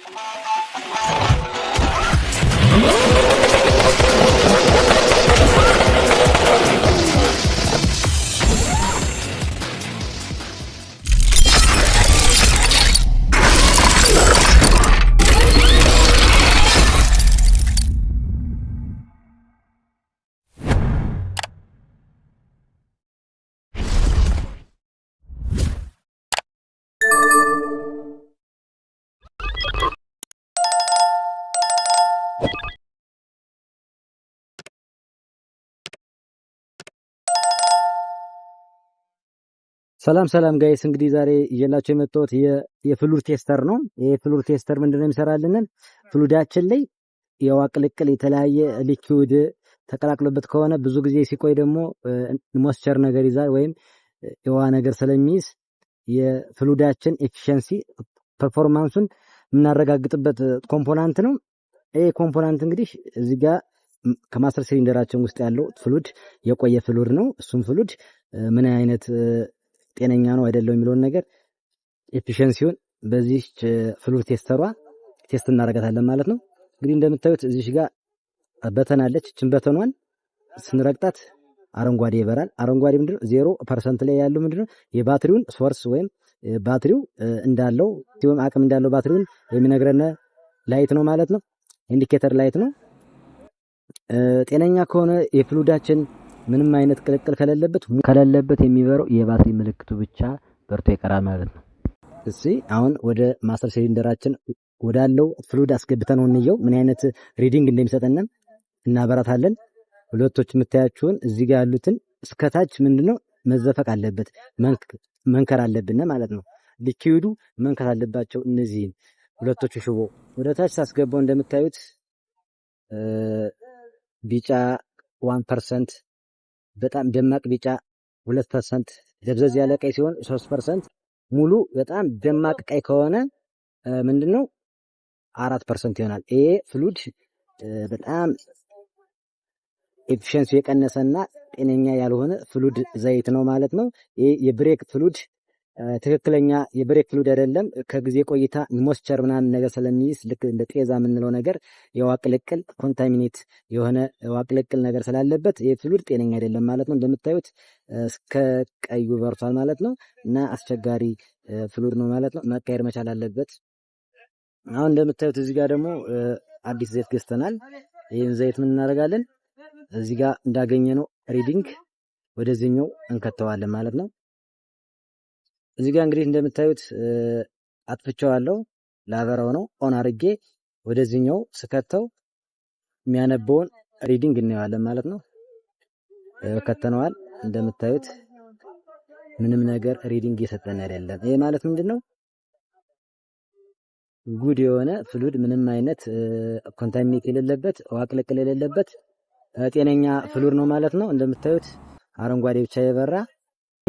Thank you. ሰላም ሰላም ጋይስ እንግዲህ ዛሬ እየላቸው የመጣሁት የፍሉር ቴስተር ነው። ይህ ፍሉር ቴስተር ምንድነው የሚሰራልንን ፍሉዳችን ላይ የውሃ ቅልቅል የተለያየ ሊኪውድ ተቀላቅሎበት ከሆነ ብዙ ጊዜ ሲቆይ ደግሞ ሞስቸር ነገር ይዛል ወይም የውሃ ነገር ስለሚይዝ የፍሉዳችን ኤፊሽንሲ ፐርፎርማንሱን የምናረጋግጥበት ኮምፖናንት ነው። ይህ ኮምፖናንት እንግዲህ እዚህ ጋር ከማስተር ሲሊንደራችን ውስጥ ያለው ፍሉድ የቆየ ፍሉድ ነው። እሱም ፍሉድ ምን አይነት ጤነኛ ነው አይደለው የሚለውን ነገር ኤፊሽንሲውን በዚህ ፍሉድ ቴስተሯ ቴስት እናደርጋታለን ማለት ነው። እንግዲህ እንደምታዩት እዚህ ጋር በተን አለች። እችን በተኗን ስንረግጣት አረንጓዴ ይበራል። አረንጓዴ ምንድነው? ዜሮ ፐርሰንት ላይ ያለው ምንድነው? የባትሪውን ሶርስ ወይም ባትሪው እንዳለው ወይም አቅም እንዳለው ባትሪውን የሚነግረን ላይት ነው ማለት ነው። ኢንዲኬተር ላይት ነው። ጤነኛ ከሆነ የፍሉዳችን ምንም አይነት ቅልቅል ከሌለበት ከሌለበት የሚበረው የባትሪ ምልክቱ ብቻ በርቶ ይቀራል ማለት ነው። እሺ አሁን ወደ ማስተር ሲሊንደራችን ወዳለው ፍሉድ አስገብተን እንየው ምን አይነት ሪዲንግ እንደሚሰጠንም እናበራታለን። ሁለቶች የምታያችሁን እዚህ ጋር ያሉትን እስከታች ምንድነው መዘፈቅ አለበት መንከር አለብን ማለት ነው። ሊኪዩዱ መንከር አለባቸው እነዚህን ሁለቶቹ ሽቦ ወደ ታች ሳስገባው እንደምታዩት ቢጫ ዋን ፐርሰንት በጣም ደማቅ ቢጫ ሁለት ፐርሰንት ደብዘዝ ያለ ቀይ ሲሆን ሶስት ፐርሰንት ሙሉ በጣም ደማቅ ቀይ ከሆነ ምንድን ነው አራት ፐርሰንት ይሆናል። ይሄ ፍሉድ በጣም የቀነሰ እና ጤነኛ ያልሆነ ፍሉድ ዘይት ነው ማለት ነው። ይሄ የብሬክ ፍሉድ ትክክለኛ የብሬክ ፍሉድ አይደለም። ከጊዜ ቆይታ ሞስቸር ምናምን ነገር ስለሚይዝ ልክ እንደ ጤዛ የምንለው ነገር የዋቅልቅል ኮንታሚኔት የሆነ ዋቅልቅል ነገር ስላለበት ይህ ፍሉድ ጤነኛ አይደለም ማለት ነው። እንደምታዩት እስከ ቀዩ በርቷል ማለት ነው እና አስቸጋሪ ፍሉድ ነው ማለት ነው። መቀየር መቻል አለበት። አሁን እንደምታዩት እዚህ ጋር ደግሞ አዲስ ዘይት ገዝተናል። ይህን ዘይት ምን እናደርጋለን? እዚህ ጋር እንዳገኘ ነው ሪዲንግ ወደዚህኛው እንከተዋለን ማለት ነው። እዚህ ጋር እንግዲህ እንደምታዩት አጥፍቼዋለሁ። ላበራው ነው ኦን አርጌ ወደዚህኛው ስከተው የሚያነበውን ሪዲንግ እናየዋለን ማለት ነው። ከተነዋል። እንደምታዩት ምንም ነገር ሪዲንግ እየሰጠን አይደለም። ይሄ ማለት ምንድን ነው? ጉድ የሆነ ፍሉድ ምንም አይነት ኮንታሚኔት የሌለበት ዋቅልቅል የሌለበት ጤነኛ ፍሉድ ነው ማለት ነው። እንደምታዩት አረንጓዴ ብቻ የበራ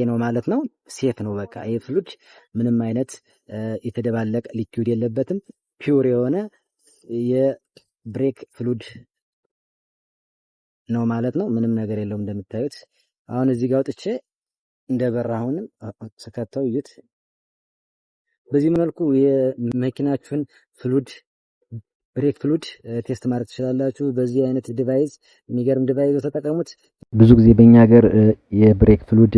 ነው ማለት ነው። ሴፍ ነው በቃ ይህ ፍሉድ ምንም አይነት የተደባለቀ ሊኪድ የለበትም። ፒውር የሆነ የብሬክ ፍሉድ ነው ማለት ነው። ምንም ነገር የለውም እንደምታዩት። አሁን እዚህ ጋር አውጥቼ እንደበራ አሁንም ስከተው እዩት። በዚህ መልኩ የመኪናችሁን ፍሉድ ብሬክ ፍሉድ ቴስት ማድረግ ትችላላችሁ። በዚህ አይነት ዲቫይዝ የሚገርም ዲቫይዝ ተጠቀሙት። ብዙ ጊዜ በእኛ ሀገር የብሬክ ፍሉድ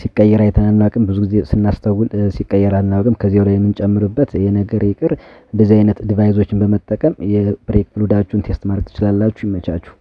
ሲቀየር አይተን አናውቅም። ብዙ ጊዜ ስናስተውል ሲቀየር አናውቅም። ከዚያው ላይ የምንጨምርበት የነገር ይቅር እንደዚህ አይነት ዲቫይሶችን በመጠቀም የብሬክ ፍሉዳችሁን ቴስት ማድረግ ትችላላችሁ። ይመቻችሁ።